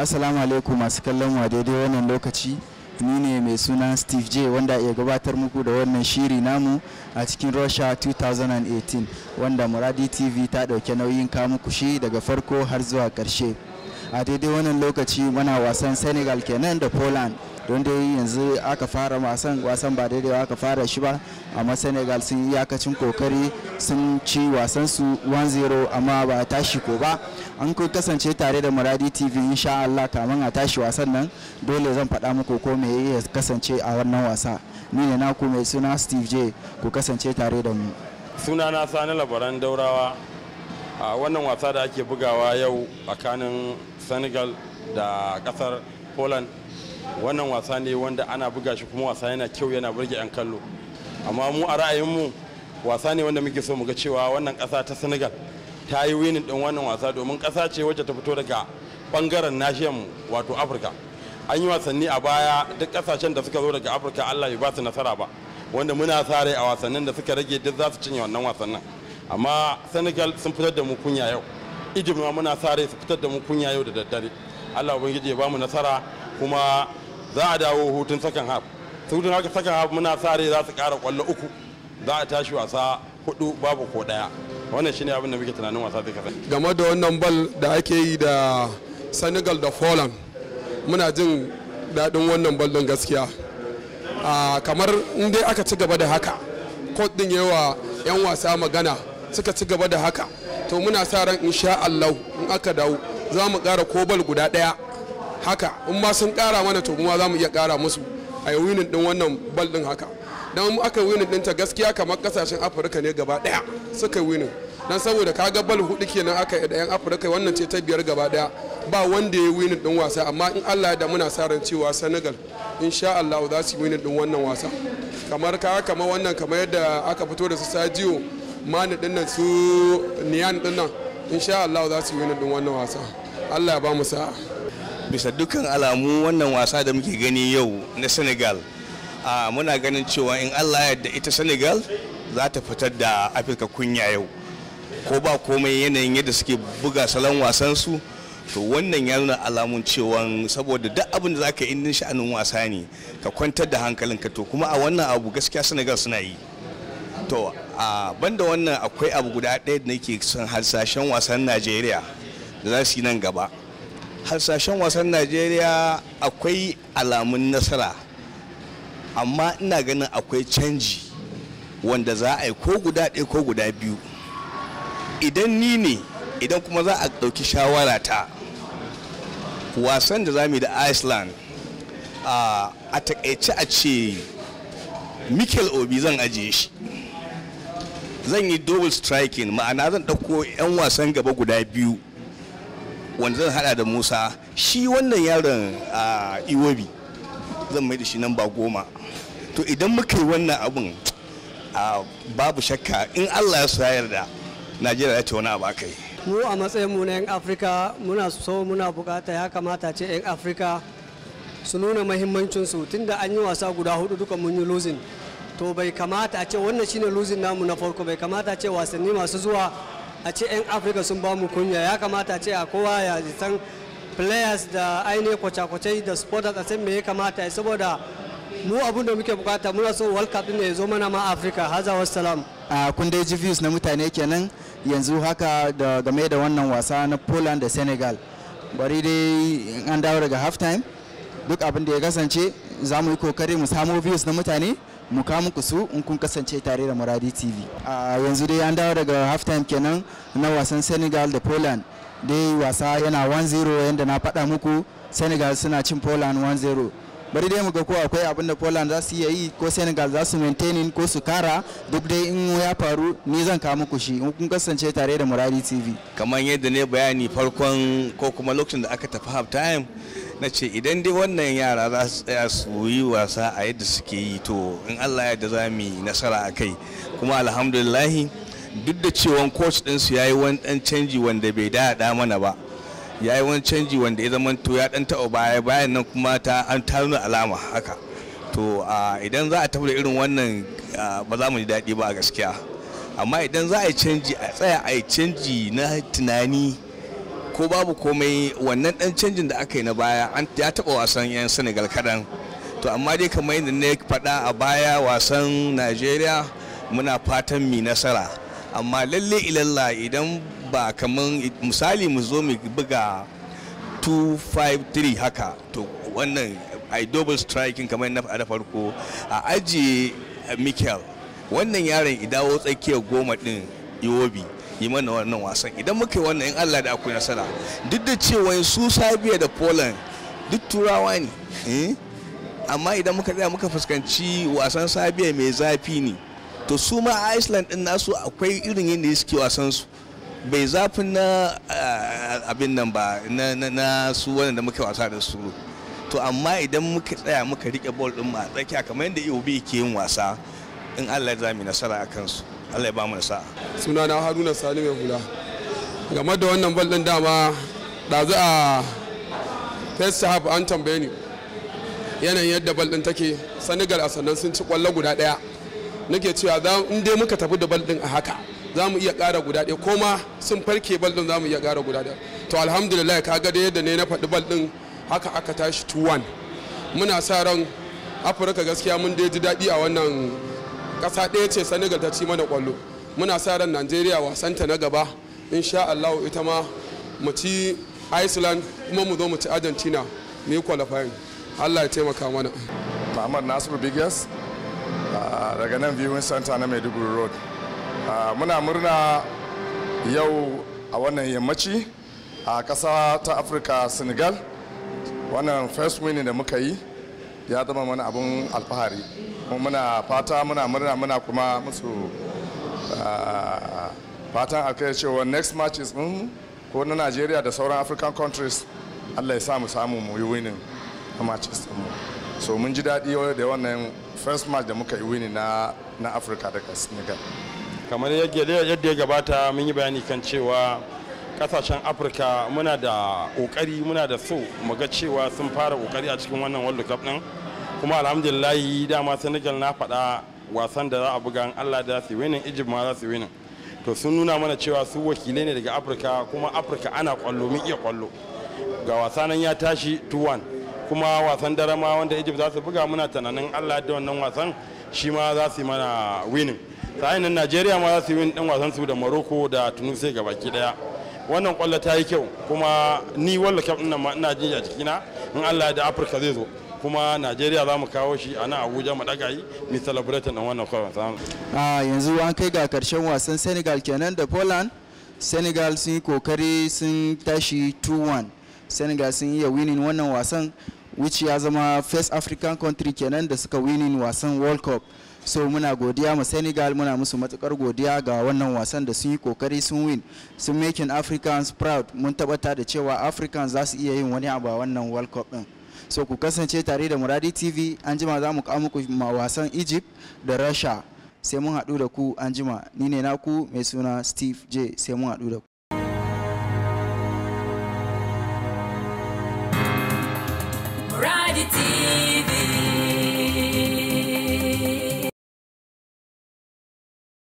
assalamu alaikum masu kallon wa daidai wannan lokaci ni ne mai suna steve j wanda ya gabatar muku da wannan shiri namu a cikin russia 2018 wanda muradi tv ta ɗauke nauyin kawo muku daga farko har zuwa karshe a daidai wannan lokaci muna wasan senegal kenan da poland don dai yanzu aka fara wasan wasan ba daidai aka fara shi ba amma senegal sun yi iyakacin kokari sun ci wasan su 1-0 amma ba tashi ko ba an kai kasance tare da muradi tv insha Allah kamin a tashi wasan nan dole zan faɗa muku ko me ya kasance a wannan wasa ni ne naku mai suna steve j ku kasance tare da mu suna na sani labaran daurawa a wannan wasa da ake bugawa yau tsakanin senegal da kasar poland wannan wasa ne wanda ana buga shi kuma wasa yana kyau yana burge 'yan kallo amma mu a ra'ayinmu wasa ne wanda muke so mu ga cewa wannan ƙasa ta senegal ta yi winin ɗin wannan wasa domin ƙasa ce wacce ta fito daga ɓangaren mu wato afirka an yi wasanni a baya duk ƙasashen da suka zo daga afirka allah ya ba su nasara ba wanda muna sa a wasannin da suka rage duk za su cinye wannan wasannin amma senegal sun fitar da mu kunya yau egypt muna sa su fitar da mu kunya yau da daddare allah ubangiji ya ba mu nasara kuma za a dawo hutun sakan haf hutun sakan haf muna sa rai za su kara kwallo uku za a tashi wasa hudu babu ko daya wannan shine abin da muke tunanin wasa zai kasance game da wannan bal da ake yi da Senegal da Poland muna jin daɗin wannan bal don gaskiya kamar in dai aka ci gaba da haka kot din yawa yan wasa magana suka ci gaba da haka to muna sa ran insha Allah in aka dawo za mu ƙara bal guda ɗaya haka in ba sun kara mana to kuma za mu iya kara musu a yi winin din wannan bal din haka dan aka winin din ta gaskiya kamar kasashen afirka ne gaba daya suka winin don saboda kaga bal hudu kenan aka da yan afirka wannan ce ta biyar gaba daya ba wanda ya winin din wasa amma in Allah da muna sa ran cewa Senegal insha Allah za su winin din wannan wasa kamar ka kamar wannan kamar yadda aka fito da su sajiyo ma din nan su niyan din nan insha Allah za su winin din wannan wasa Allah ya ba mu sa'a bisa dukkan alamu wannan wasa da muke gani yau na senegal a muna ganin cewa in allah yadda ita senegal za ta fitar da afirka kunya yau ko ba komai yanayin yadda suke buga salon wasansu to wannan ya nuna alamun cewa saboda duk abin da za ka indin sha'anin wasa ne ka kwantar da hankalinka to kuma a wannan abu gaskiya senegal suna yi to a banda wannan akwai abu guda ɗaya da nake son hasashen wasan najeriya da za su yi nan gaba hasashen wasan najeriya akwai alamun nasara amma ina ganin akwai canji wanda za a yi ko guda ɗaya ko guda biyu idan ni ne idan kuma za a ɗauki shawara ta wasan da za mu yi da iceland a takaice a ce mikel obi zan ajiye shi zan yi double striking ma'ana zan ɗauko 'yan wasan gaba guda biyu wanda zan hada da musa shi wannan yaron a iwobi zan mai da shi nan ba goma to idan muka yi wannan abin babu shakka in allah ya su da najeriya ya ce wani abu aka yi mu a matsayin mu na 'yan afirka muna so muna bukata ya kamata ce 'yan afirka su nuna mahimmancinsu tunda an yi wasa guda hudu duka mun yi losing to bai kamata a ce wannan shine losing namu na farko bai kamata a ce wasanni masu zuwa a ce 'yan afirka sun ba mu kunya ya kamata ce a kowa ya san players da ainihin kwace-kwace da supporters a san me ya kamata saboda mu abun da muke bukata muna so world cup ne ya zo mana ma afirka haza wassalam a kun dai na mutane kenan yanzu haka da game da wannan wasa na poland da senegal bari dai an dawo daga half time duk abin da ya kasance za mu yi kokari mu samo views na mutane mu ka muku su in kun kasance tare da Muradi TV. A yanzu dai an dawo daga time kenan na wasan Senegal da Poland. Dai wasa yana 1-0 yadda na faɗa muku Senegal suna cin Poland 1-0. bari dai mu ga ko akwai abin da Poland za su iya yi ko Senegal za su maintaining ko su kara duk dai in ya faru ni zan kawo muku shi in kun kasance tare da Muradi TV. Kamar yadda ne bayani farkon ko kuma lokacin da aka tafi half time na ce idan dai wannan yara za su tsaya su yi wasa a yadda suke yi to in allah ya da za mu yi nasara a kai kuma alhamdulillahi duk da cewa coach ɗinsu ya yi wani ɗan canji wanda bai daɗa mana ba ya yi wani canji wanda ya zama to ya dan taɓa baya bayan nan kuma ta an taruna alama haka to idan za a tafi irin wannan ba za mu ji daɗi ba a gaskiya amma idan za a yi canji a tsaya a yi canji na tunani ko babu komai wannan dan canjin da aka yi na baya an ya taba wasan yan senegal kadan to amma dai kamar yadda ne faɗa a baya wasan najeriya muna fatan mi nasara amma lalle ilalla idan ba kamar misali mu zo mu buga 253 haka to wannan a double striking kamar na da farko a ajiye mikel wannan yaron idawo tsakiyar goma din yobi yi mana wannan wasan idan muka yi wannan in allah da akwai nasara duk da cewa su sabiya da poland duk turawa ne eh, amma idan muka tsaya muka fuskanci wasan sabiya mai zafi ne to su ma iceland din nasu akwai irin yadda suke wasan su bai zafi na eh, abin nan ba na su wanda muka wasa da su to amma idan muka tsaya muka rike bol din ma tsakiya kamar yadda iob ke yin wasa in allah ya zami nasara a kansu Allah ya ba mu sa'a na Haruna Sani mai hula game da wannan bal din dama za a first half an tambaye ni yanayin yadda bal din take Senegal a sannan sun ci kwallo guda ɗaya nake cewa za in dai muka tafi da bal din a haka za mu iya ƙara guda ɗaya ko ma sun farke bal din za mu iya ƙara guda ɗaya to alhamdulillah ka ga da yadda ne na faɗi bal din haka aka tashi 2-1 muna sa ran afirka gaskiya mun dai ji daɗi a wannan ƙasa ɗaya ce senegal ta ci mana kwallo muna sa ran najeriya wasanta na gaba insha allah ita ma mu ci iceland kuma mu zo mu ci argentina mu yi qualifying allah ya taimaka mana muhammad nasiru bigas ah, daga nan viewing center na maiduguri road ah, muna murna yau a wannan yammaci a ƙasa ta afirka senegal wannan first winning da muka yi ya zama mana abun alfahari muna fata muna murna muna kuma musu ah, fatan alkai cewa next matches din ko na Najeriya da sauran African countries Allah ya samu samu mu yi winning a matches din so mun ji daɗi da wannan first match da muka yi winning na na Africa daga Senegal kamar yadda ya gabata mun yi bayani kan cewa kasashen afirka muna da kokari muna da so mu ga cewa sun fara kokari a cikin wannan world cup din kuma alhamdulillah dama senegal na faɗa wasan da za a buga an allah da su winin egypt ma za su winin to sun nuna mana cewa su wakilai ne daga afirka kuma afirka ana kwallo mun iya kwallo ga wasanan ya tashi 2-1 kuma wasan dare ma wanda egypt za su buga muna tunanin allah da wannan wasan shi ma za su yi mana winin sa'in nan najeriya ma za su yi win din wasan su da morocco da tunisia gabaki daya wannan kwallo ta yi kyau kuma ni walla kyau ina ma ina jin a jikina in Allah da Afirka zai zo kuma Najeriya za mu kawo shi a nan Abuja mu daga yi mi celebrate nan wannan kwallon a yanzu an kai ga karshen wasan Senegal kenan da Poland Senegal sun yi kokari sun tashi 2-1 Senegal sun iya winning wannan wasan which ya zama first African country kenan da suka winning wasan World Cup so muna godiya ma senegal muna musu matukar godiya ga wannan wasan da sun yi kokari sun win sun making africans proud mun tabbata da cewa africans za su iya yin wani abu a wannan world cup din so ku kasance tare da muradi tv an jima za mu kawo muku wasan egypt da russia sai mun haɗu da ku an jima ni ne naku mai suna steve j sai mun haɗu da ku